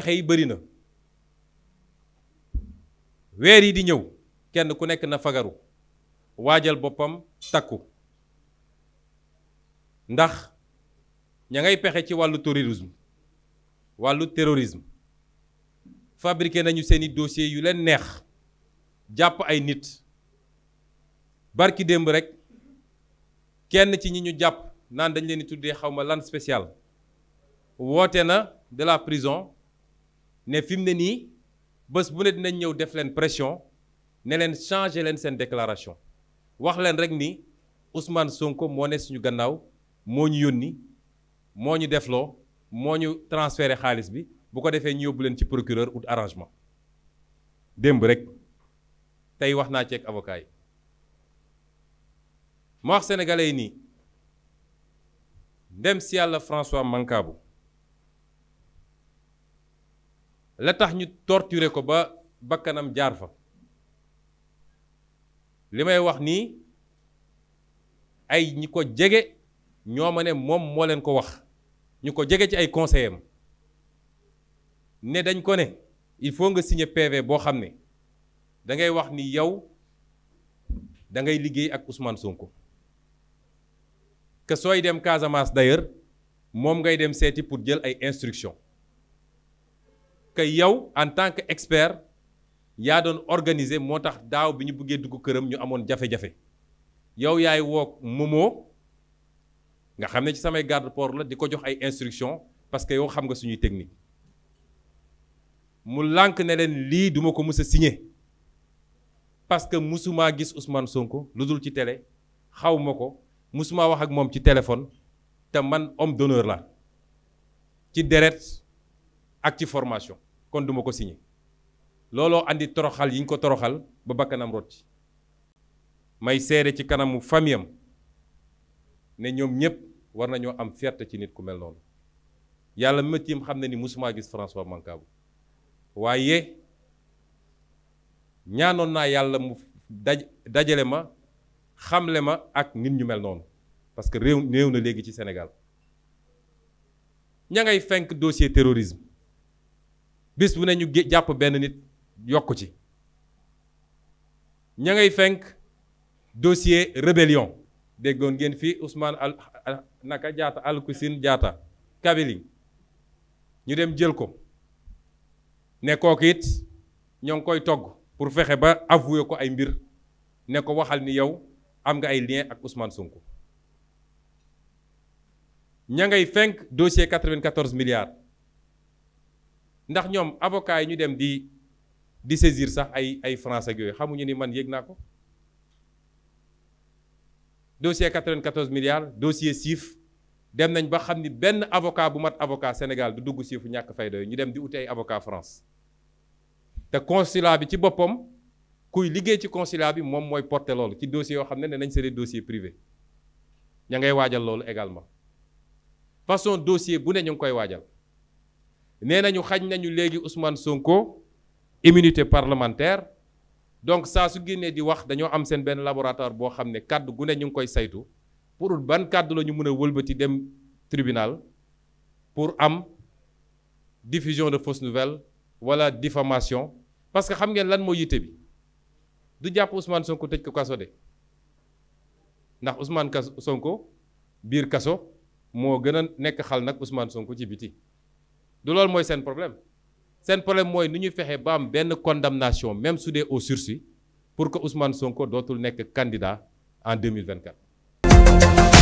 pexe yi bëri na weer yi di ñëw kenn ku nekk na fagaru waajal boppam takku ndax ña ngay pexe ci wàllu terrorisme wàllu terrorisme fabriqué nañu seeni dossier yu leen neex jàpp ay nit barki démb rek kenn ci ñi ñu jàpp naan dañ leen di tuddee xaw ma lan spécial woote na de la prison ne fi mu ne nii bés bu ne dina ñëw def leen pression ne leen changer leen seen déclaration wax leen rek ni Ousmane Sonko moo ne suñu gannaaw moo ñu yónni moo ñu defloo moo ñu transféré xaalis bi bu ko defee ñu yóbbu leen ci procureur out arrangement démb rek tey wax naa ci ak avocat yi ma wax nii ndem si yàlla François Mancabou la tax ñu torturer ko ba bakkanam jaar fa li may wax nii ay ñi ko jege ñoo ma ne moom moo leen ko wax ñu ko jege ci ay conseillers am ne dañ ko ne il faut nga signer PV boo xam ne da ngay wax ni yow dangay liggéey ak Ousmane Sonko que sooy dem Casamance d'ailleurs moom ngay dem seeti pour jël ay instructions. que yow en tant que expert yaa doon organiser moo tax daaw bi ñu bëggee dugg këram ñu amoon jafe-jafe yow yaay wook momoo nga xam ne ci samay garde port la di ko jox ay instruction parce que yow xam nga suñuy technique mu lànk ne leen lii duma ko mus a signé parce que musuma gis Ousmane Sonko lu dul ci télé xaw ma ko musuma wax ak moom ci téléphone te man om d'honneur la ci deret ak ci formation kon duma ko signé looloo indi toroxal yiñ ko toroxal ba bakkanam rot ci may seere ci kanamu famiyam ne ñoom ñëpp war nañoo am fierté ci nit ku mel noonu yàlla métiim xam na ni musuma gis François Mancabou waaye ñaanoon naa yàlla mu daj dajale ma xamle ma ak nit ñu mel noonu parce que réew na léegi ci senegal ña ngay fenk dossier terrorisme bis bu ne ñu jàpp benn nit yokk ci ña ngay fenk dossier rébellion déggoon ngeen fii Ousmane al naka jaata Alkusin jaata Kabili ñu dem jël ko ne kooku it ñoo ngi koy togg pour fexe ba avouer ko ay mbir ne ko waxal ni yow am nga ay lien ak Ousmane Sonko ña ngay fenk dossier 94 milliards ndax ñoom avocat yi ñu dem di di saisir sax ay ay français ak yooyu xamuñu ni man yéeg naa ko dossier 94 milliards dossier siif dem nañ ba xam ni benn avocat bu mat avocat Sénégal du dugg siifu ñàkk fayda ñu dem di uti ay avocat France te consulat bi ci boppam kuy liggéey ci consulat bi moom mooy porté loolu ci dossiers yoo xam ne ne nañ c'est des dossiers privés ña ngay waajal loolu également façon dossier bu ne ñu ngi koy waajal nee nañu xañ nañu léegi Ousmane Sonko immunité parlementaire donc saa su génnee di wax dañoo am seen benn laboratoire boo xam ne kàdd gu ne ñu ngi koy saytu pour ban kàddu la ñu mën a wëlbati dem tribunal pour am diffusion de fausse nouvelle wala diffamation parce que xam ngeen lan moo yitte bi du jàpp Ousmane Sonko tëj ko kaso de ndax Ousmane Sonko biir kaso moo gën a nekk xal nag Ousmane Sonko ci biti du loolu mooy seen problème seen problème mooy nu ñu fexe baam benn condamnation même su dee au sursi pour que Ousmane Sonko dootul nekk candidat en 2024